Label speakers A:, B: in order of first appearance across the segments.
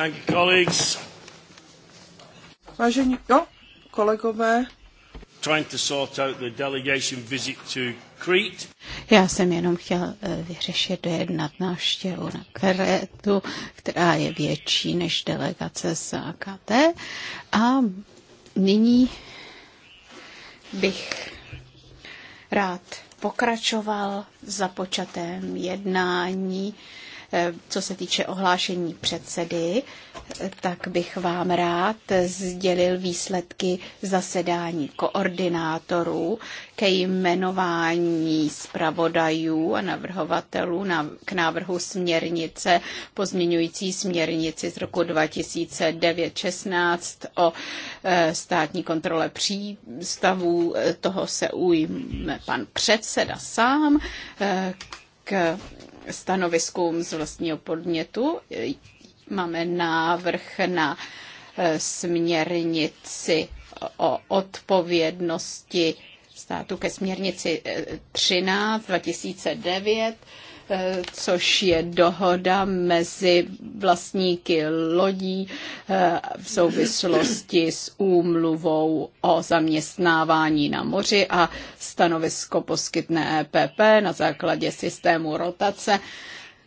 A: Thank you, colleagues.
B: Vážení, jo, kolegové.
A: Trying to sort out the delegation visit to Crete. Já jsem jenom chtěl eh, vyřešit jednat návštěvu na Kretu, která je větší než delegace z AKT. A nyní bych rád pokračoval za započatém jednání co se týče ohlášení předsedy, tak bych vám rád sdělil výsledky zasedání koordinátorů ke jmenování zpravodajů a navrhovatelů k návrhu směrnice pozměňující směrnici z roku 2009-16 o e, státní kontrole přístavů. E, toho se ujme pan předseda sám e, k stanoviskům z vlastního podnětu. Máme návrh na eh, směrnici o odpovědnosti státu ke směrnici 13 eh, 2009 Eh, což je dohoda mezi vlastníky lodí eh, v souvislosti s úmluvou o zaměstnávání na moři a stanovisko poskytne EPP na základě systému rotace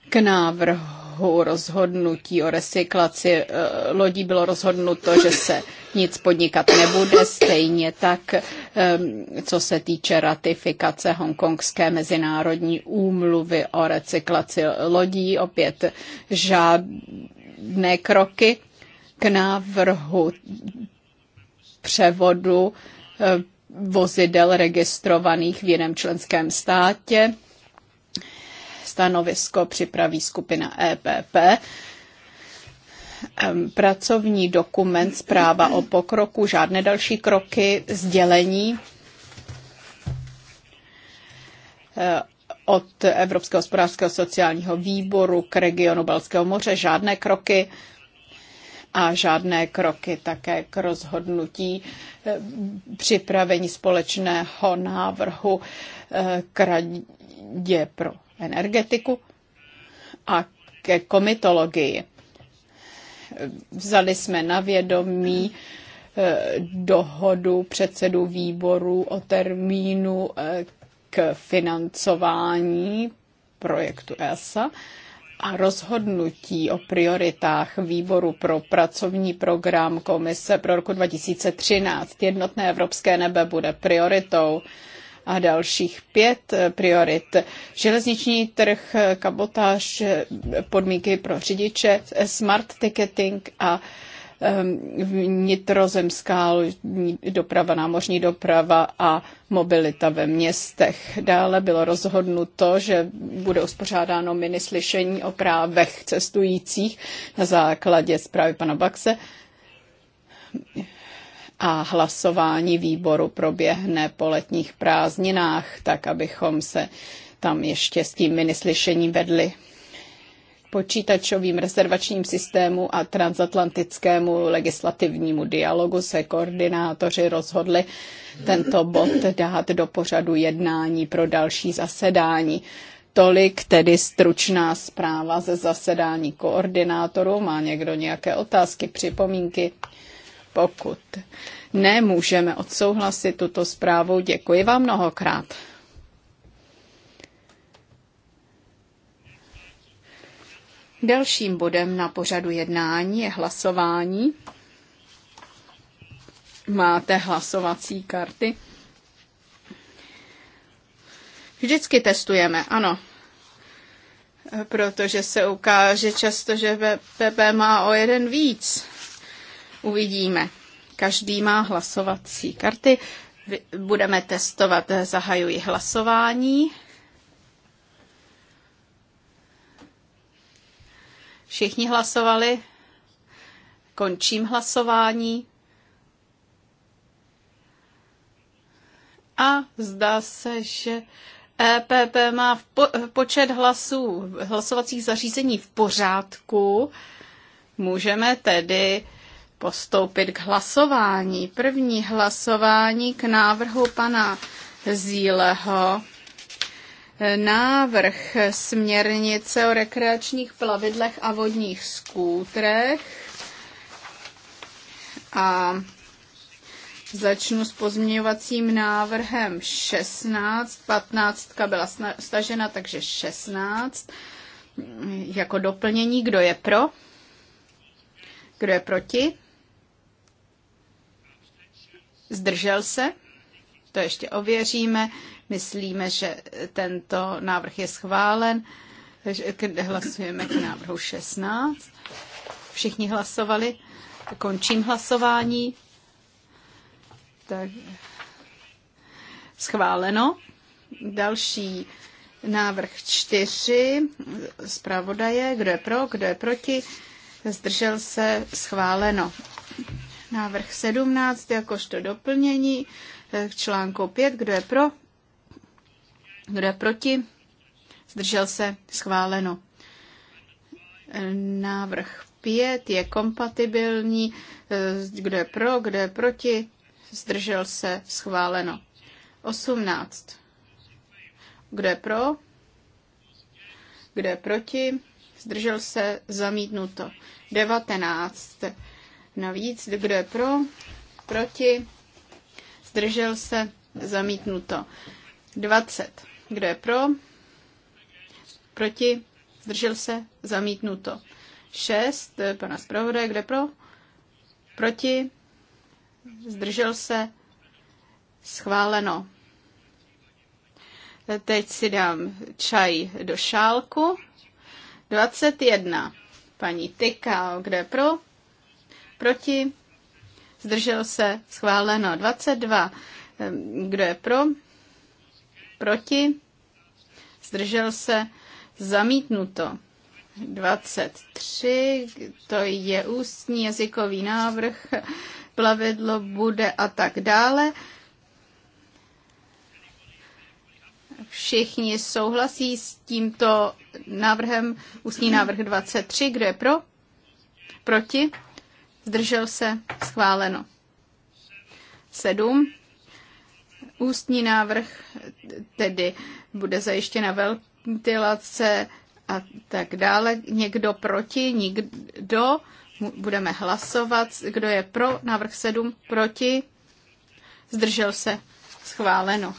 A: k návrhu rozhodnutí o recyklaci eh, lodí bylo rozhodnuto, že se nic podnikat nebude, stejně tak, co se týče ratifikace Hongkongské mezinárodní úmluvy o recyklaci lodí, opět žádné kroky k návrhu převodu eh, vozidel registrovaných v jiném členském státě. Stanovisko připraví skupina EPP pracovní dokument, zpráva o pokroku, žádné další kroky, sdělení eh, od Evropského hospodářského sociálního výboru k regionu Balského moře, žádné kroky a žádné kroky také k rozhodnutí eh, připravení společného návrhu eh, k radě pro energetiku a ke komitologii. Vzali jsme na vědomí eh, dohodu předsedů výboru o termínu eh, k financování projektu ESA a rozhodnutí o prioritách výboru pro pracovní program Komise pro roku 2013. Jednotné evropské nebe bude prioritou a dalších pět eh, priorit. Železniční trh, eh, kabotáž, eh, podmínky pro řidiče, smart ticketing a ehm, vnitrozemská doprava, námořní doprava a mobilita ve městech. Dále bylo rozhodnuto, že bude uspořádáno minislyšení o právech cestujících na základě zprávy pana Baxe a hlasování výboru proběhne po letních prázdninách, tak abychom se tam ještě s tím minislyšením vedli počítačovým rezervačním systému a transatlantickému legislativnímu dialogu se koordinátoři rozhodli tento bod dát do pořadu jednání pro další zasedání. Tolik tedy stručná zpráva ze zasedání koordinátorů. Má někdo nějaké otázky, připomínky? Pokud ne, můžeme odsouhlasit tuto zprávu. Děkuji vám mnohokrát. Dalším bodem na pořadu jednání je hlasování. Máte hlasovací karty. Vždycky testujeme, ano. Protože se ukáže často, že PP má o jeden víc. Uvidíme. Každý má hlasovací karty. Budeme testovat. Zahajuji hlasování. Všichni hlasovali. Končím hlasování. A zdá se, že EPP má v po, počet hlasů hlasovacích zařízení v pořádku. Můžeme tedy postoupit k hlasování. První hlasování k návrhu pana Zíleho. Návrh směrnice o rekreačních plavidlech a vodních skútrech. A Začnu s pozměňovacím návrhem 16. 15 byla stažena, takže 16. Jako doplnění, kdo je pro? Kdo je proti? Zdržel se? To ještě ověříme. Myslíme, že tento návrh je schválen. Hlasujeme k návrhu 16. Všichni hlasovali. Končím hlasování. Tak schváleno. Další návrh 4. zpravodaje, kdo je pro, kdo je proti, zdržel se, schváleno. Návrh 17 jakožto doplnění e, k článku 5. Kdo je pro? Kdo je proti? Zdržel se? Schváleno. E, návrh 5 je kompatibilní. E, kdo je pro? Kdo je proti? Zdržel se? Schváleno. 18. Kdo je pro? Kdo je proti? Zdržel se? Zamítnuto. 19 navíc. Kdo je pro? Proti? Zdržel se? Zamítnuto. 20. Kdo je pro? Proti? Zdržel se? Zamítnuto. 6. Pana zpravodaje, kde pro? Proti? Zdržel se? Schváleno. Teď si dám čaj do šálku. 21. Paní Tykal, kde pro? Proti? Zdržel se? Schváleno. 22. Kdo je pro? Proti? Zdržel se? Zamítnuto. 23. To je ústní jazykový návrh. Plavidlo bude a tak dále. Všichni souhlasí s tímto návrhem, ústní návrh 23. Kdo je pro? Proti? zdržel se, schváleno. 7. Ústní návrh tedy bude zajištěna ventilace a tak dále. Někdo proti, nikdo. Budeme hlasovat. Kdo je pro návrh 7, proti, zdržel se, schváleno.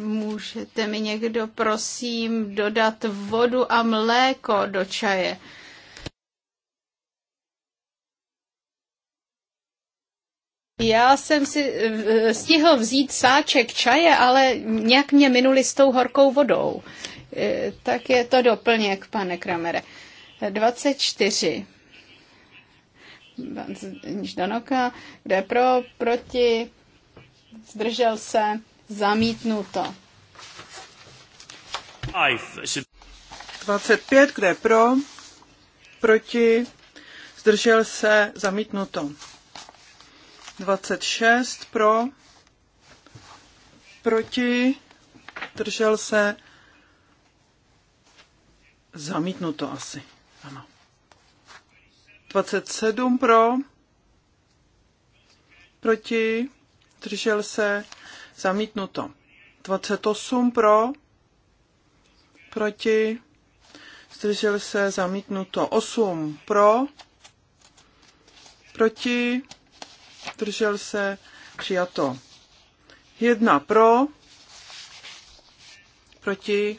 A: Můžete mi někdo prosím dodat vodu a mléko do čaje? Já jsem si eh, eh, stihl vzít sáček čaje, ale nějak mě minuli s tou horkou vodou. Eh, tak je to doplněk, pane Kramere. 24. Ždanoka, kde pro, proti, zdržel se, Zamítnuto.
B: 25, kde pro, proti, zdržel se, zamítnuto. 26 pro, proti, zdržel se, zamítnuto asi. Ano. 27 pro, proti, držel se, Zamítnuto. 28 pro, proti, zdržel se, zamítnuto. 8 pro, proti, zdržel se, přijato. 1 pro, proti,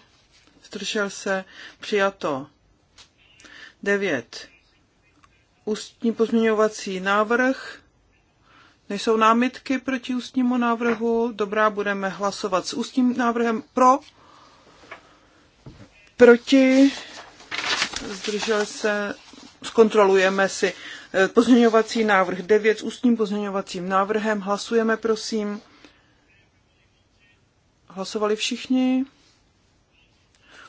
B: zdržel se, přijato. 9. Ústní pozměňovací návrh Nejsou námitky proti ústnímu návrhu? Dobrá, budeme hlasovat s ústním návrhem pro, proti, zdržel se, zkontrolujeme si eh, pozměňovací návrh 9 s ústním pozměňovacím návrhem. Hlasujeme, prosím. Hlasovali všichni?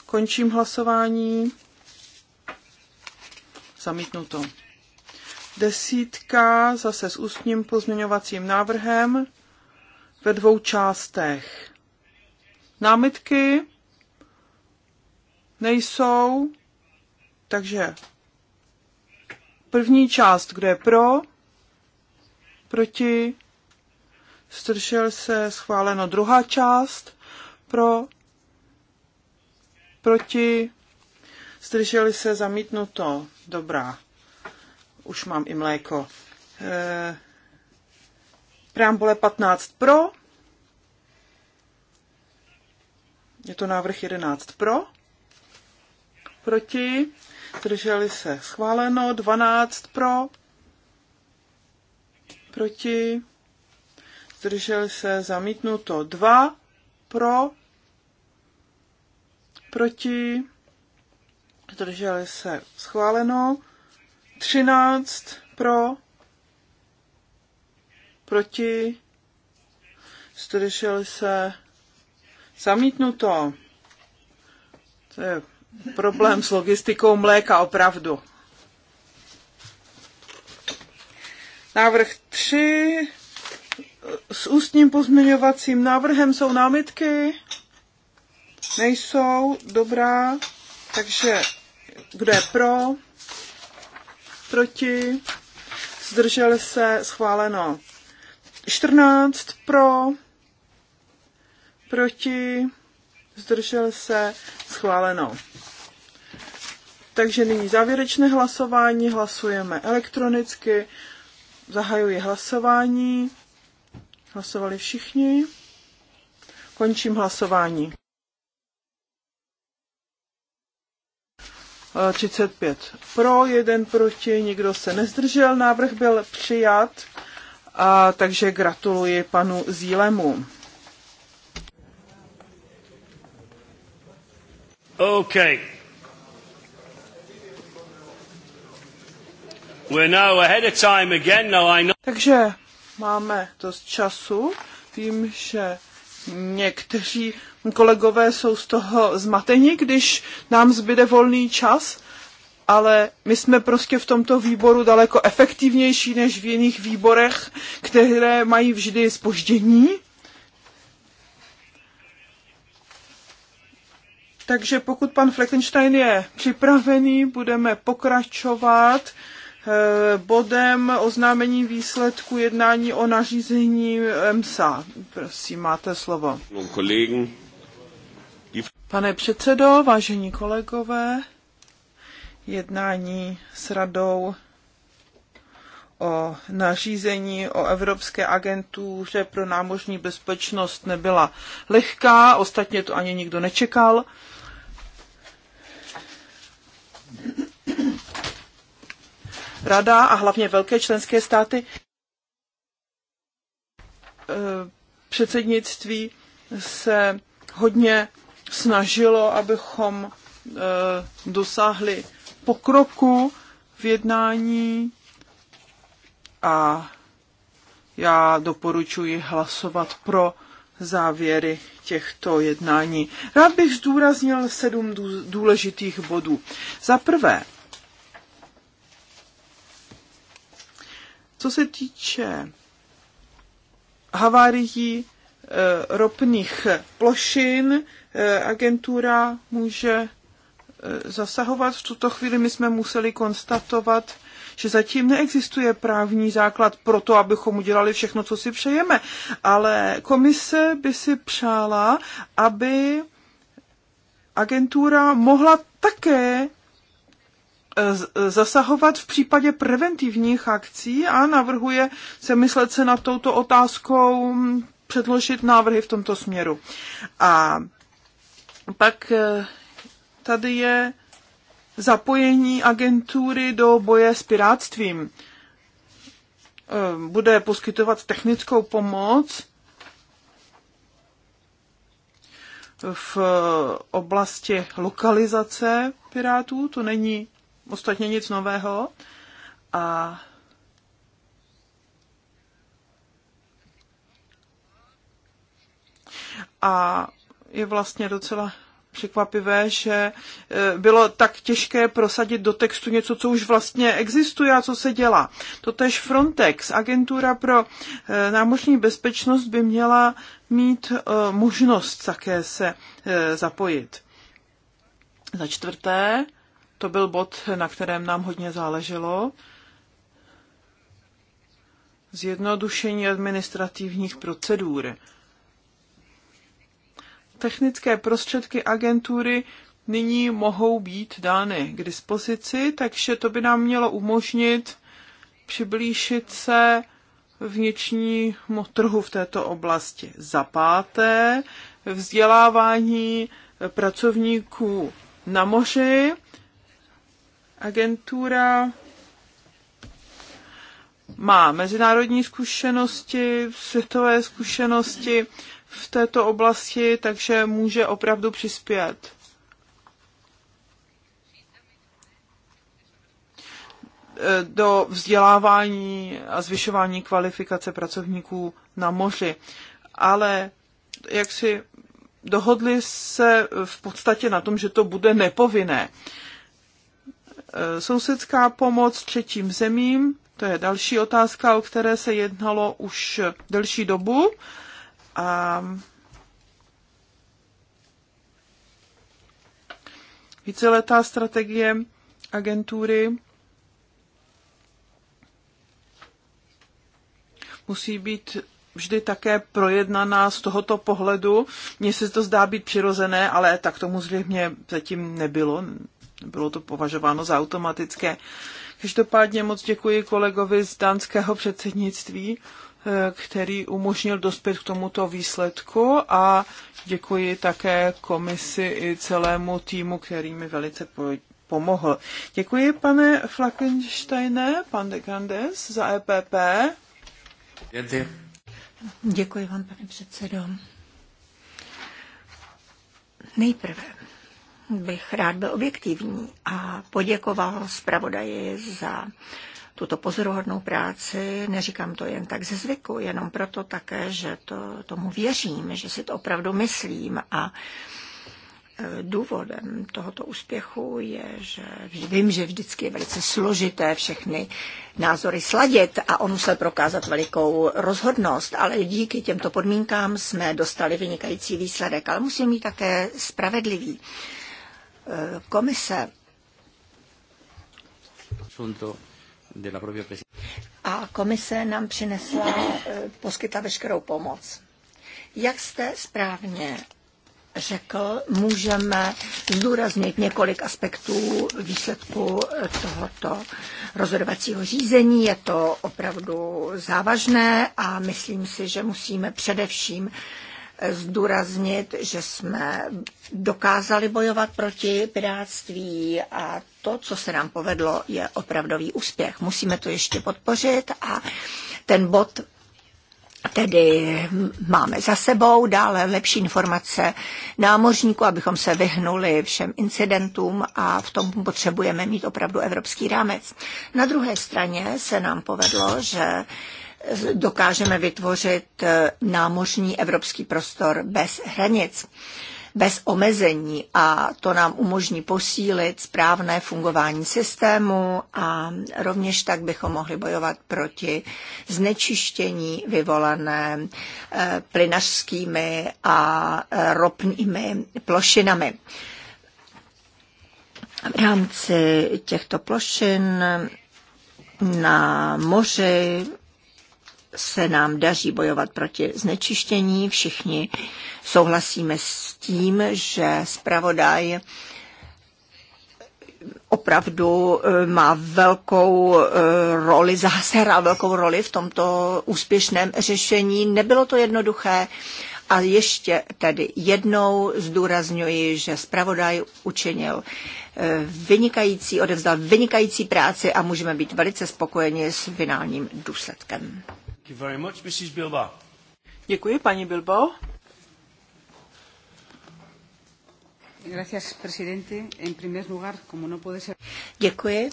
B: Končím hlasování. Zamítnuto desítka zase s ústním pozměňovacím návrhem ve dvou částech. Námitky nejsou, takže první část, kde je pro, proti, zdržel se, schváleno druhá část, pro, proti, zdrželi se, zamítnuto, dobrá už mám i mléko. E, prámbole 15 pro. Je to návrh 11 pro. Proti. Drželi se. Schváleno. 12 pro. Proti. Zdrželi se. Zamítnuto. 2 pro. Proti. Zdrželi se. Schváleno. 13 pro, proti, zdrželi se, zamítnuto. To je problém s logistikou mléka, opravdu. Návrh 3 s ústním pozměňovacím návrhem jsou námitky? Nejsou, dobrá. Takže kdo je pro? proti, zdržel se, schváleno. 14 pro, proti, zdržel se, schváleno. Takže nyní závěrečné hlasování, hlasujeme elektronicky, zahajuji hlasování, hlasovali všichni, končím hlasování. 35 pro, jeden proti, nikdo se nezdržel, návrh byl přijat, a, takže gratuluji panu Zílemu.
A: OK. We're now ahead of time again, now I know.
B: Takže máme dost času. Vím, že někteří kolegové jsou z toho zmateni, když nám zbyde volný čas, ale my jsme prostě v tomto výboru daleko efektivnější než v jiných výborech, které mají vždy spoždění. Takže pokud pan Fleckenstein je připravený, budeme pokračovat eh, bodem oznámení výsledku jednání o nařízení MSA. Prosím, máte slovo.
A: Kolegům
B: Pane předsedo, vážení kolegové, jednání s radou o nařízení o Evropské agentuře pro námořní bezpečnost nebyla lehká, ostatně to ani nikdo nečekal. Rada a hlavně velké členské státy eh, předsednictví se hodně snažilo, abychom eh, dosáhli pokroku v jednání a já doporučuji hlasovat pro závěry těchto jednání. Rád bych zdůraznil sedm důležitých bodů. Za prvé, co se týče havárií Eh, ropných plošin. Eh, agentura může eh, zasahovat. V tuto chvíli my jsme museli konstatovat, že zatím neexistuje právní základ pro to, abychom udělali všechno, co si přejeme. Ale komise by si přála, aby agentura mohla také zasahovat v případě preventivních akcí a navrhuje se myslet se nad touto otázkou předložit návrhy v tomto směru. A pak eh, tady je zapojení agentury do boje s pirátstvím. Eh, bude poskytovat technickou pomoc v eh, oblasti lokalizace pirátů, to není ostatně nic nového. A a je vlastně docela překvapivé, že eh, bylo tak těžké prosadit do textu něco, co už vlastně existuje a co se dělá. Totež Frontex, agentura pro eh, námořní bezpečnost, by měla mít eh, možnost také se zapojit. Za čtvrté, to byl bod, na kterém nám hodně záleželo, zjednodušení administrativních procedur technické prostředky agentury nyní mohou být dány k dispozici, takže to by nám mělo umožnit přiblížit se vnitřnímu trhu v této oblasti. Za páté, vzdělávání pracovníků na moři. Agentura má mezinárodní zkušenosti, světové zkušenosti v této oblasti, takže může opravdu přispět. do vzdělávání a zvyšování kvalifikace pracovníků na moři. Ale jak si dohodli se v podstatě na tom, že to bude nepovinné. Sousedská pomoc třetím zemím, to je další otázka, o které se jednalo už delší dobu a víceletá strategie agentury musí být vždy také projednaná z tohoto pohledu. Mně se to zdá být přirozené, ale tak tomu zřejmě zatím nebylo. Bylo to považováno za automatické. Každopádně moc děkuji kolegovi z dánského předsednictví Eh, který umožnil dospět k tomuto výsledku a děkuji také komisi i celému týmu, který mi velice pomohl. Děkuji, pane Flakensteine, pan de Grandes za EPP.
A: Děkuji,
C: děkuji vám, pane předsedo. Nejprve bych rád byl objektivní a poděkoval zpravodaji za tuto pozoruhodnou práci. Neříkám to jen tak ze zvyku, jenom proto také, že to, tomu věřím, že si to opravdu myslím a e, důvodem tohoto úspěchu je, že vím, že vždycky je velice složité všechny názory sladit a on musel prokázat velikou rozhodnost, ale díky těmto podmínkám jsme dostali vynikající výsledek, ale musím mít také spravedlivý. E, komise a komise nám přinesla, e, poskytla veškerou pomoc. Jak jste správně řekl, můžeme zdůraznit několik aspektů výsledku tohoto rozhodovacího řízení. Je to opravdu závažné a myslím si, že musíme především e, zdůraznit, že jsme dokázali bojovat proti pirátství a to, co se nám povedlo, je opravdový úspěch. Musíme to ještě podpořit a ten bod tedy máme za sebou dále lepší informace námořníků, abychom se vyhnuli všem incidentům a v tom potřebujeme mít opravdu evropský rámec. Na druhé straně se nám povedlo, že dokážeme vytvořit námořní evropský prostor bez hranic bez omezení a to nám umožní posílit správné fungování systému a rovněž tak bychom mohli bojovat proti znečištění vyvolané eh, plynařskými a eh, ropnými plošinami. V rámci těchto plošin na moři se nám daří bojovat proti znečištění. Všichni souhlasíme s tím, že zpravodaj opravdu eh, má velkou eh, roli, zahrá velkou roli v tomto úspěšném řešení. Nebylo to jednoduché. A ještě tedy jednou zdůrazňuji, že zpravodaj učinil eh, vynikající, odevzdal vynikající práci a můžeme být velice spokojeni s finálním důsledkem.
B: Thank you very much, Mrs. Bilbao. Děkuji, paní Bilbo.
A: Gracias, presidente. En primer lugar, como no puede ser... Děkuji.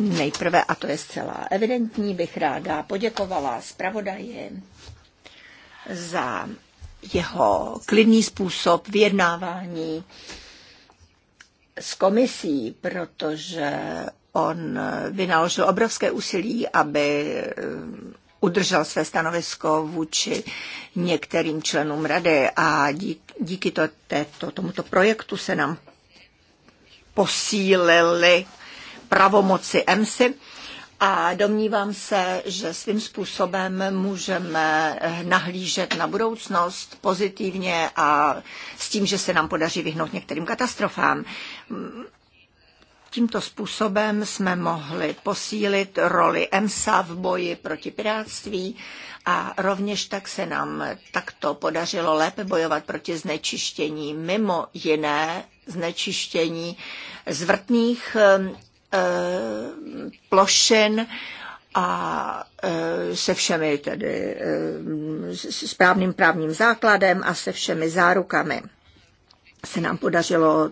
C: Nejprve, a to je zcela evidentní, bych ráda poděkovala zpravodaji za jeho klidný způsob vyjednávání s komisí, protože On eh, vynaložil obrovské úsilí, aby eh, udržel své stanovisko vůči některým členům rady a díky to, této, tomuto projektu se nám posílili pravomoci EMSI a domnívám se, že svým způsobem můžeme nahlížet na budoucnost pozitivně a s tím, že se nám podaří vyhnout některým katastrofám. Tímto způsobem jsme mohli posílit roli EMSA v boji proti pirátství a rovněž tak se nám takto podařilo lépe bojovat proti znečištění, mimo jiné znečištění zvrtných e, plošin a eh, se všemi tedy eh, správným právním základem a se všemi zárukami se nám podařilo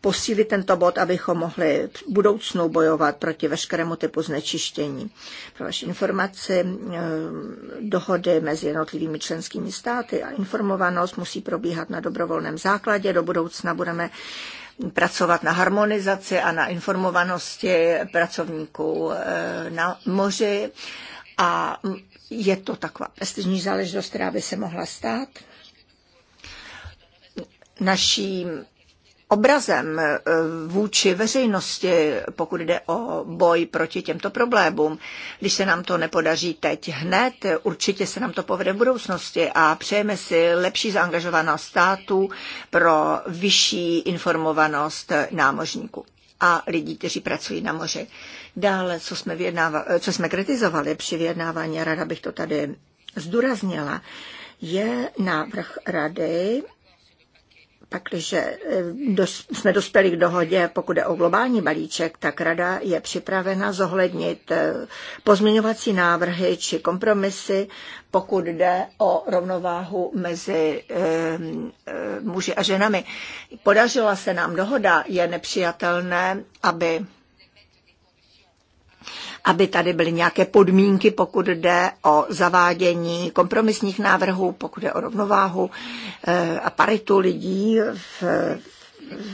C: posílit tento bod, abychom mohli v budoucnu bojovat proti veškerému typu znečištění. Pro vaši informaci, eh, dohody mezi jednotlivými členskými státy a informovanost musí probíhat na dobrovolném základě. Do budoucna budeme pracovat na harmonizaci a na informovanosti pracovníků eh, na moři. A je to taková prestižní záležitost, která by se mohla stát. Naším obrazem eh, vůči veřejnosti, pokud jde o boj proti těmto problémům. Když se nám to nepodaří teď hned, určitě se nám to povede v budoucnosti a přejeme si lepší zaangažovanost státu pro vyšší informovanost námořníků a lidí, kteří pracují na moři. Dále, co jsme, eh, co jsme kritizovali při vyjednávání, rada bych to tady zdůraznila, je návrh rady pakliže eh, jsme dospěli k dohodě, pokud je o globální balíček, tak Rada je připravena zohlednit eh, pozměňovací návrhy či kompromisy, pokud jde o rovnováhu mezi ehm, eh, muži a ženami. Podařila se nám dohoda, je nepřijatelné, aby aby tady byly nějaké podmínky, pokud jde o zavádění kompromisních návrhů, pokud jde o rovnováhu eh, a paritu lidí v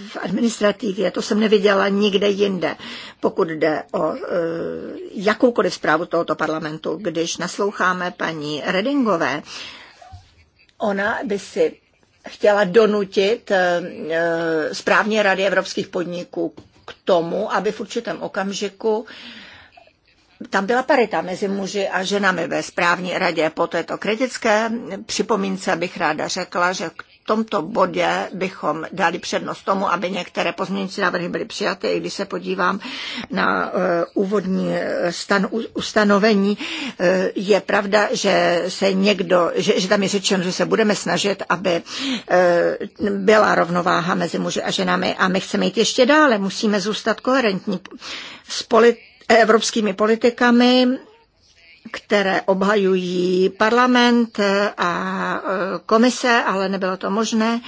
C: v administrativě, to jsem neviděla nikde jinde, pokud jde o e, jakoukoliv zprávu tohoto parlamentu. Když nasloucháme paní Redingové, ona by si chtěla donutit e, správně Rady evropských podniků k tomu, aby v určitém okamžiku e, tam byla parita mezi muži a ženami ve správní radě. Po této kritické připomínce bych ráda řekla, že k tomto bodě bychom dali přednost tomu, aby některé pozměňující návrhy byly přijaty. I když se podívám na uh, úvodní eh, stan, ustanovení, uh, je pravda, že se někdo, že, že tam je řečeno, že se budeme snažit, aby uh, byla rovnováha mezi muži a ženami a my chceme jít ještě dále. Musíme zůstat koherentní. Spolit evropskými politikami, které obhajují parlament a e, komise, ale nebylo to možné.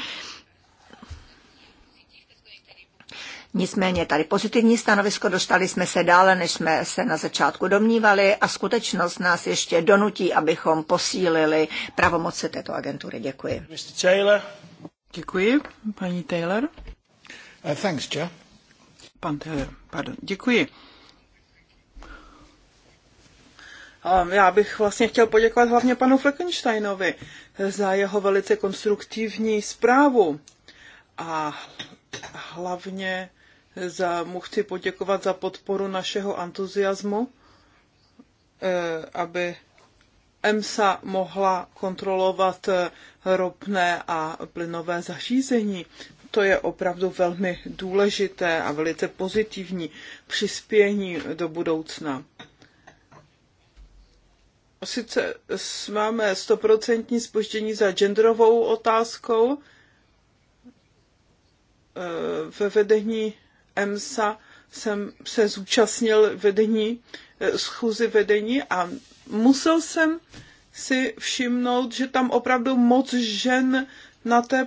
C: Nicméně tady pozitivní stanovisko, dostali jsme se dále, než jsme se na začátku domnívali a skutečnost nás ještě donutí, abychom posílili pravomoci této agentury. Děkuji. Mr.
B: Taylor. Děkuji, paní Taylor. Uh, thanks, Chair. Pan Taylor, pardon. Děkuji. já bych vlastně chtěl poděkovat hlavně panu Fleckensteinovi za jeho velice konstruktivní zprávu a hlavně za, mu chci poděkovat za podporu našeho entuziasmu, eh, aby EMSA mohla kontrolovat eh, ropné a plynové zařízení. To je opravdu velmi důležité a velice pozitivní přispění do budoucna sice máme stoprocentní spoždění za genderovou otázkou e, ve vedení EMSA, jsem se zúčastnil vedení, e, schůzi vedení a musel jsem si všimnout, že tam opravdu moc žen na té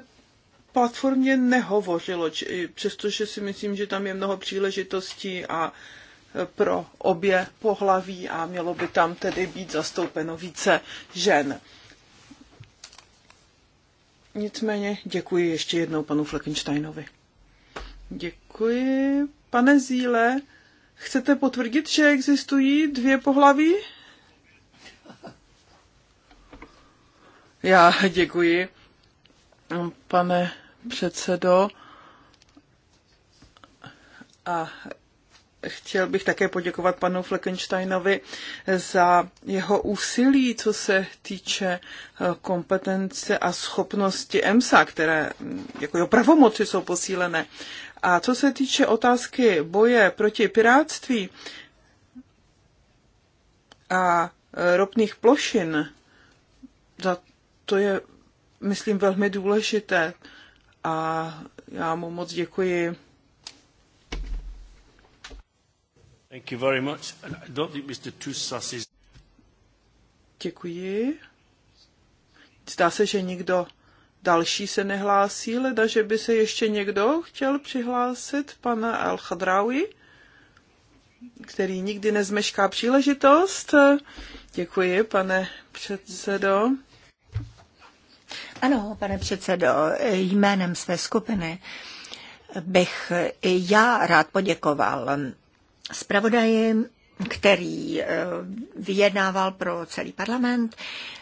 B: platformě nehovořilo, přestože si myslím, že tam je mnoho příležitostí a pro obě pohlaví a mělo by tam tedy být zastoupeno více žen. Nicméně děkuji ještě jednou panu Fleckensteinovi. Děkuji. Pane Zíle, chcete potvrdit, že existují dvě pohlaví? Já děkuji, pane předsedo. A chtěl bych také poděkovat panu Fleckensteinovi za jeho úsilí, co se týče eh, kompetence a schopnosti EMSA, které mm, jako jeho pravomoci jsou posílené. A co se týče otázky boje proti pirátství a eh, ropných plošin, za to je, myslím, velmi důležité. A já mu moc děkuji Thank you very much. And I don't think Mr. Tussas is... Děkuji. Zdá se, že nikdo další se nehlásí, leda, že by se ještě někdo chtěl přihlásit, pana al khadraoui který nikdy nezmešká příležitost. Děkuji, pane předsedo.
C: Ano, pane předsedo, jménem své skupiny bych i já rád poděkoval zpravodajem, který eh, vyjednával pro celý parlament,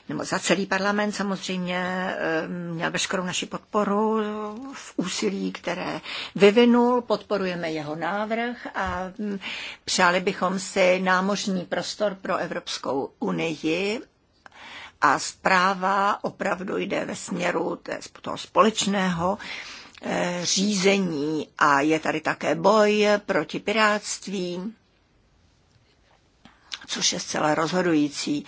C: nebo za celý parlament samozřejmě eh, měl veškerou naši podporu v úsilí, které vyvinul. Podporujeme jeho návrh a hm, přáli bychom si námořní prostor pro Evropskou unii a zpráva opravdu jde ve směru toho společného Eh, řízení a je tady také boj proti piráctví, což je zcela rozhodující.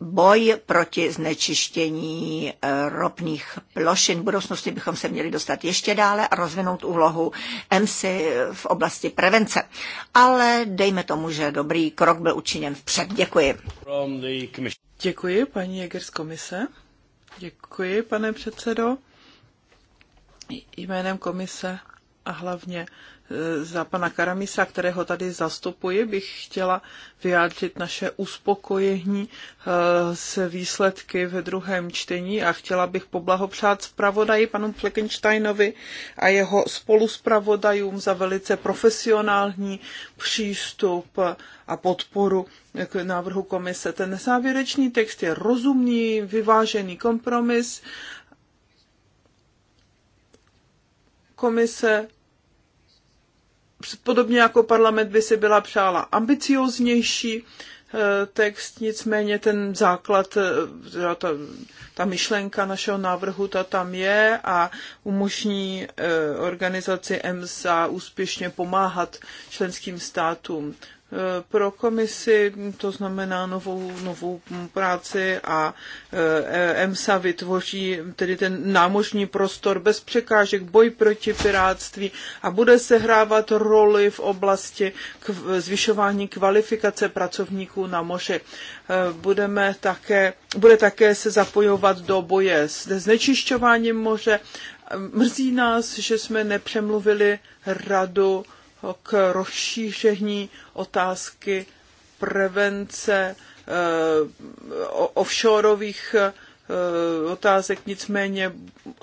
C: Boj proti znečištění eh, ropných plošin. V budoucnosti bychom se měli dostat ještě dále a rozvinout úlohu EMSI v oblasti prevence. Ale dejme tomu, že
B: dobrý krok byl učiněn vpřed. Děkuji. Děkuji, paní Jäger z komise. Děkuji, pane předsedo jménem komise a hlavně e, za pana Karamisa, kterého tady zastupuji, bych chtěla vyjádřit naše uspokojení e, s výsledky ve druhém čtení a chtěla bych poblahopřát zpravodaji panu Fleckensteinovi a jeho spoluspravodajům za velice profesionální přístup a podporu k návrhu komise. Ten závěrečný text je rozumný, vyvážený kompromis komise podobně jako parlament by si byla přála ambicioznější eh, text, nicméně ten základ, eh, ta, ta myšlenka našeho návrhu, ta tam je a umožní eh, organizaci EMSA úspěšně pomáhat členským státům pro komisi, to znamená novou, novou práci a e, EMSA vytvoří tedy ten námořní prostor bez překážek, boj proti pirátství a bude se roli v oblasti zvyšování kvalifikace pracovníků na moři. E, budeme také, bude také se zapojovat do boje s znečišťováním moře. E, mrzí nás, že jsme nepřemluvili radu k rozšíření otázky prevence eh, offshoreových eh, Eh, otázek, nicméně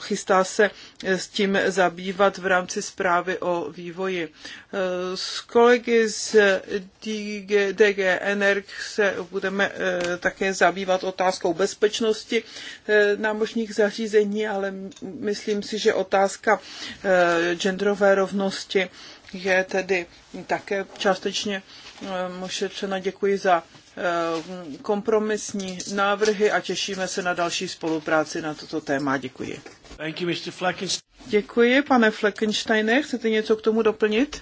B: chystá se s tím zabývat v rámci zprávy o vývoji. Eh, s kolegy z DG, DG Energ se budeme eh, také zabývat otázkou bezpečnosti námořních zařízení, ale myslím si, že otázka genderové rovnosti je tedy také částečně mošetřena. Děkuji za Eh, kompromisní návrhy a těšíme se na další spolupráci na toto téma. Děkuji. Thank you, Mr. Děkuji, pane Fleckensteine. Chcete něco k tomu doplnit?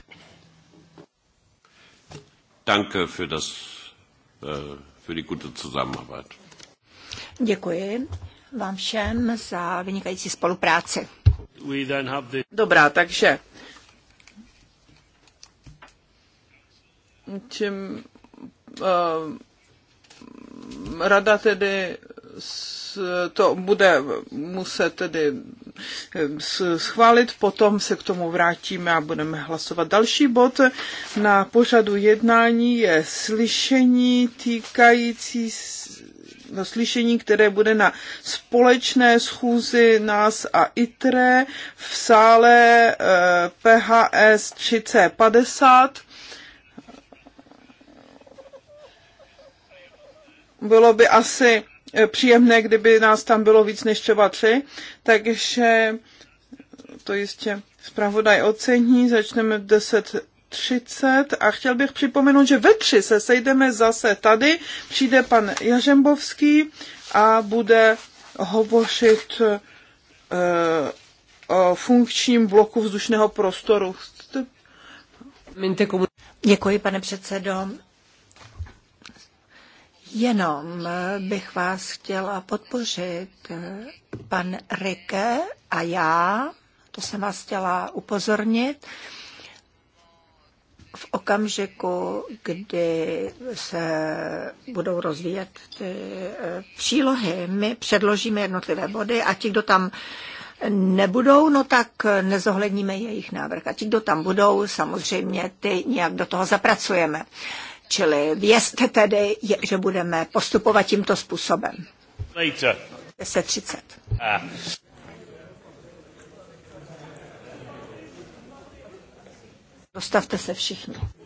A: Danke für das, eh, für die gute Zusammenarbeit.
B: Děkuji
C: vám všem za vynikající spolupráci.
B: We then have the... Dobrá, takže tím Eh, rada tedy to bude muset tedy eh, schválit, potom se k tomu vrátíme a budeme hlasovat. Další bod na pořadu jednání je slyšení týkající na no, slyšení, které bude na společné schůzi nás a ITRE v sále eh, PHS 3050. bylo by asi eh, příjemné, kdyby nás tam bylo víc než třeba tři, takže to jistě zpravodaj ocení, začneme v 10.30 a chtěl bych připomenout, že ve tři se sejdeme zase tady, přijde pan Jažembovský a bude hovořit e, o funkčním bloku vzdušného prostoru.
C: Děkuji, pane předsedo. Jenom eh, bych vás chtěla podpořit, eh, pan Rike a já, to jsem vás chtěla upozornit, v okamžiku, kdy se budou rozvíjet ty eh, přílohy, my předložíme jednotlivé body a ti, kdo tam nebudou, no tak nezohledníme jejich návrh. A ti, kdo tam budou, samozřejmě ty nějak do toho zapracujeme. Uh, Čili vězte tedy, že budeme postupovat tímto způsobem. 10.30. Ah. Dostavte se všichni.